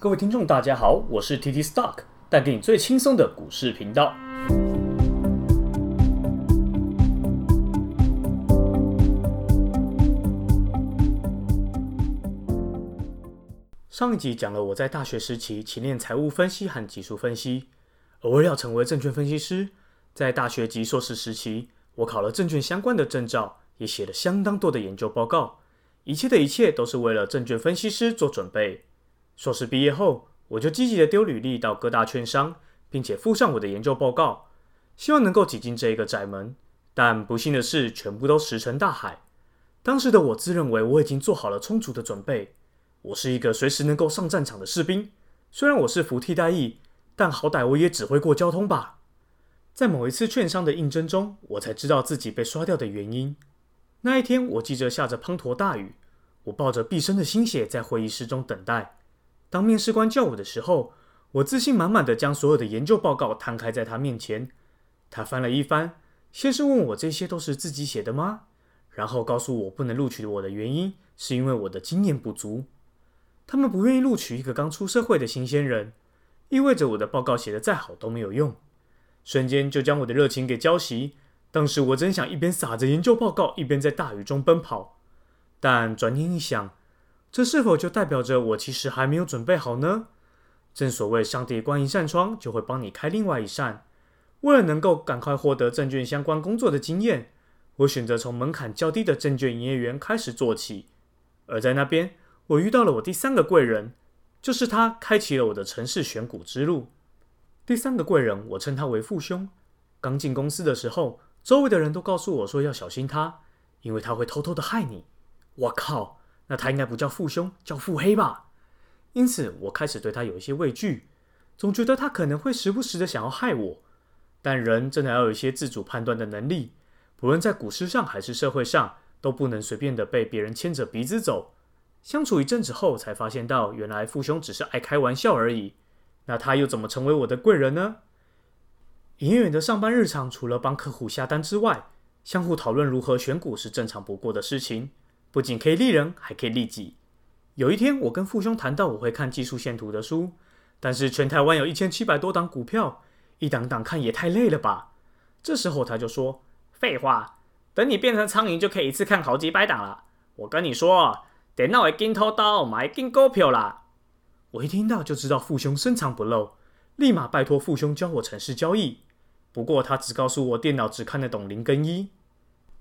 各位聽眾，大家好，我是 TT Stock，帶給你最輕鬆的股市頻道。上一集講了我在大學時期勤練財務分析和技術分析，而為了成為證券分析師，在大學及碩士時期，我考了證券相關的證照，也寫了相當多的研究報告，一切的一切都是為了證券分析師做準備。碩士畢業後，我就積極的丟履歷到各大券商，並且附上我的研究報告，希望能夠擠進這一個窄門。但不幸的是，全部都石沉大海。當時的我自認為我已經做好了充足的準備，我是一個隨時能夠上戰場的士兵。雖然我是服替代役，但好歹我也指揮過交通吧。在某一次券商的應徵中，我才知道自己被刷掉的原因。那一天，我記着下着滂沱大雨，我抱着畢生的心血在會議室中等待。當面試官叫我的時候，我自信滿滿地將所有的研究報告攤開在他面前。他翻了一番，先是問我這些都是自己寫的嗎？然後告訴我不能錄取我的原因是因為我的經驗不足。他們不願意錄取一個剛出社會的新鮮人，意味着我的報告寫得再好都沒有用。瞬間就將我的熱情給澆熄。當時我真想一邊撒着研究報告，一邊在大雨中奔跑。但轉念一想，這是否就代表着我其實還沒有準備好呢？正所謂上帝關一扇窗，就會幫你開另外一扇。為了能夠趕快獲得證券相關工作的經驗，我選擇從門檻較低的證券營業員開始做起。而在那邊，我遇到了我第三個貴人，就是他開啟了我的城市選股之路。第三個貴人，我稱他為父兄。剛進公司的時候，周圍的人都告訴我說要小心他，因為他會偷偷的害你。我靠！那他應該不叫父兄，叫腹黑吧？因此，我開始對他有一些畏懼，總覺得他可能會時不時的想要害我。但人真的要有一些自主判斷的能力，不論在股市上還是社會上，都不能隨便的被別人牽着鼻子走。相處一陣子後，才發現到原來父兄只是愛開玩笑而已。那他又怎麼成為我的貴人呢？營業員的上班日常，除了幫客戶下單之外，相互討論如何選股是正常不過的事情。不僅可以利人，還可以利己。有一天，我跟父兄談到我會看技術線圖的書，但是全台灣有一千七百多檔股票，一檔檔看也太累了吧？這時候他就說：“廢話，等你變成蒼蠅就可以一次看好幾百檔了。”我跟你說，電腦會鏡頭刀買進股票啦。我一聽到就知道父兄深藏不露，立馬拜託父兄教我程式交易。不過他只告訴我電腦只看得懂零跟一。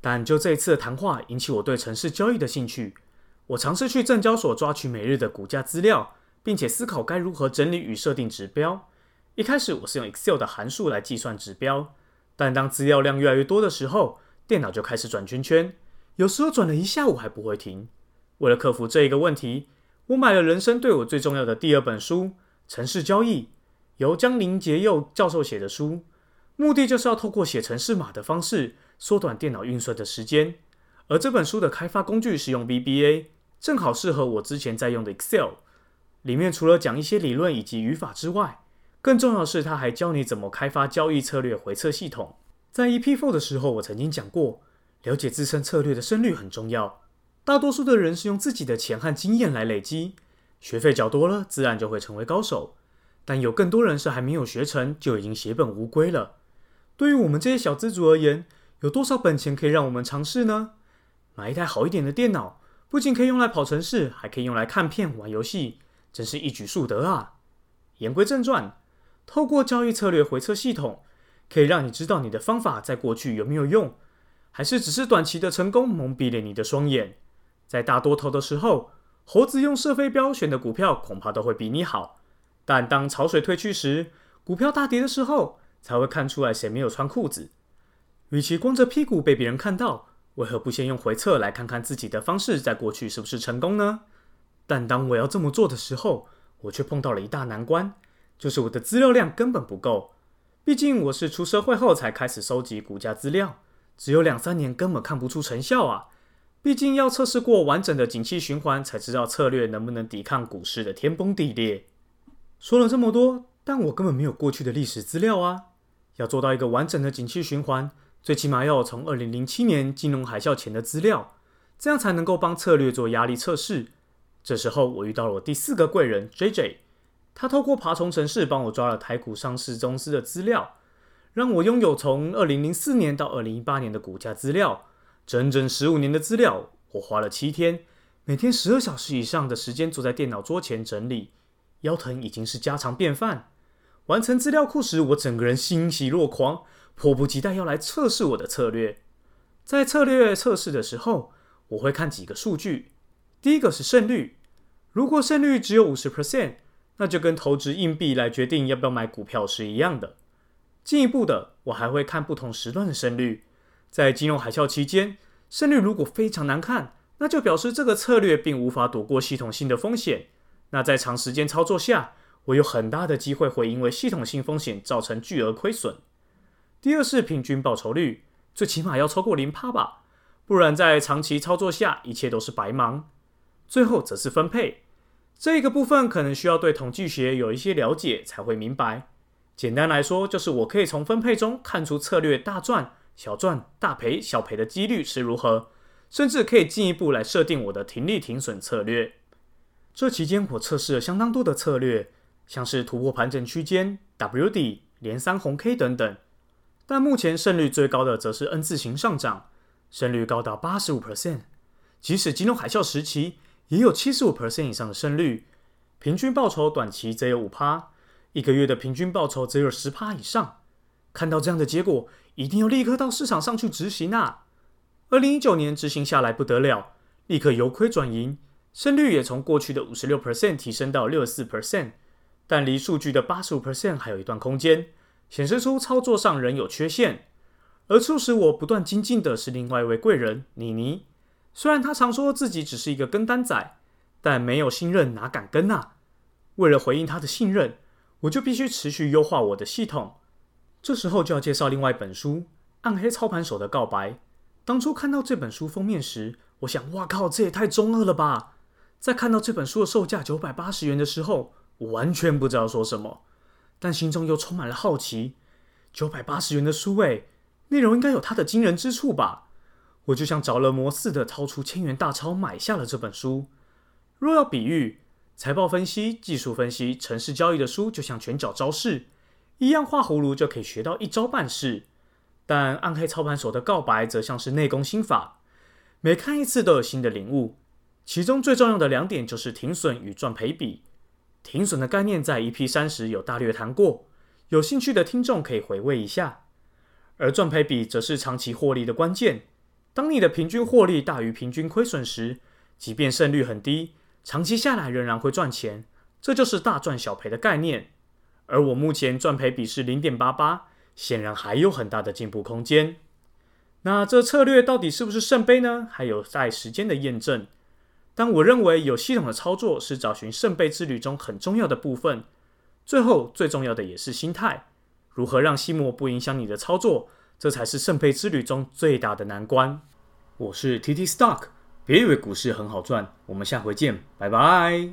但就這一次的談話，引起我對程式交易的興趣。我嘗試去證交所抓取每日的股價資料，並且思考該如何整理與設定指標。一開始，我是用 Excel 的函數來計算指標，但當資料量越來越多的時候，電腦就開始轉圈圈，有時候轉了一下午還不會停。為了克服這一個問題，我買了人生對我最重要的第二本書《程式交易》，由江林杰佑教授寫的書。目的就是要透過寫程式碼的方式，縮短電腦運算的時間。而這本書的開發工具使用 VBA 正好適合我之前在用的 Excel。裡面除了講一些理論以及語法之外，更重要的是它還教你怎麼開發交易策略回測系統。在 EP Four 的時候，我曾經講過，了解自身策略的勝率很重要。大多數的人是用自己的錢和經驗來累積，學費繳多了，自然就會成為高手。但有更多人是還沒有學成就已經血本無歸了。對於我們這些小資族而言，有多少本錢可以讓我們嘗試呢？買一台好一點的電腦，不僅可以用來跑程式，還可以用來看片、玩遊戲，真是一舉數得啊！言歸正傳，透過交易策略回測系統，可以讓你知道你的方法在過去有沒有用，還是只是短期的成功蒙蔽了你的雙眼。在大多頭的時候，猴子用射飛鏢選的股票恐怕都會比你好，但當潮水退去時，股票大跌的時候。才會看出來誰沒有穿褲子。與其光着屁股被別人看到，為何不先用回測來看看自己的方式在過去是不是成功呢？但當我要這麼做的時候，我卻碰到了一大難關，就是我的資料量根本不夠。畢竟我是出社會後才開始收集股價資料，只有兩三年根本看不出成效啊。畢竟要測試過完整的景氣循環，才知道策略能不能抵抗股市的天崩地裂。說了這麼多。但我根本沒有過去的歷史資料啊！要做到一個完整的景氣循環，最起碼要有從二零零七年金融海嘯前的資料，這樣才能夠幫策略做壓力測試。這時候我遇到了我第四個貴人 JJ，他透過爬蟲程式幫我抓了台股上市公司的資料，讓我擁有從二零零四年到二零一八年的股價資料，整整十五年的資料。我花了七天，每天十二小時以上的時間坐在電腦桌前整理，腰疼已經是家常便飯。完成資料庫時，我整個人欣喜若狂，迫不及待要來測試我的策略。在策略測試的時候，我會看幾個數據。第一個是勝率，如果勝率只有五十 percent，那就跟投擲硬幣來決定要不要買股票是一樣的。進一步的，我還會看不同時段的勝率。在金融海嘯期間，勝率如果非常難看，那就表示這個策略並無法躲過系統性的風險。那在長時間操作下，我有很大的機會會因為系統性風險造成巨額虧損。第二是平均報酬率，最起碼要超過零趴吧，不然在長期操作下，一切都是白忙。最後則是分配，這個部分可能需要對統計學有一些了解才會明白。簡單來說，就是我可以從分配中看出策略大賺、小賺、大賠、小賠的幾率是如何，甚至可以進一步來設定我的停利停損策略。這期間我測試了相當多的策略。像是突破盤整區間、W 底連三紅 K 等等，但目前勝率最高的則是 N 字形上漲，勝率高達八十五 percent。即使金融海嘯時期，也有七十五 percent 以上的勝率。平均報酬短期則有五趴，一個月的平均報酬只有十趴以上。看到這樣的結果，一定要立刻到市場上去執行吶、啊！二零一九年執行下來不得了，立刻由虧轉盈，勝率也從過去的五十六 percent 提升到六十四 percent。但離數據的八十五 percent 還有一段空間，顯示出操作上仍有缺陷。而促使我不斷精進的是另外一位貴人妮妮。雖然他常說自己只是一個跟單仔，但沒有信任哪敢跟啊？為了回應他的信任，我就必須持續優化我的系統。這時候就要介紹另外一本書《暗黑操盤手的告白》。當初看到這本書封面時，我想：哇靠，這也太中二了吧！在看到這本書的售價九百八十元的時候。我完全不知道說什麼，但心中又充滿了好奇。九百八十元的書，欸，哎，內容應該有它的驚人之處吧？我就像着了魔似的，掏出千元大鈔買下了這本書。若要比喻，財報分析、技術分析、程式交易的書就像拳腳招式一樣，畫葫蘆就可以學到一招半式。但暗黑操盤手的告白則像是內功心法，每看一次都有新的領悟。其中最重要的兩點就是停損與賺賠比。停損的概念在 EP30 有大略談過，有興趣的聽眾可以回味一下。而賺賠比則是長期獲利的關鍵。當你的平均獲利大於平均虧損時，即便勝率很低，長期下來仍然會賺錢，這就是大賺小賠的概念。而我目前賺賠比是零點八八，顯然還有很大的進步空間。那這策略到底是不是聖杯呢？還有待時間的驗證。但我認為有系統的操作是找尋聖杯之旅中很重要的部分。最後最重要的也是心態，如何讓心魔不影響你的操作，這才是聖杯之旅中最大的難關。我是 TT Stock，別以為股市很好賺。我們下回見，拜拜。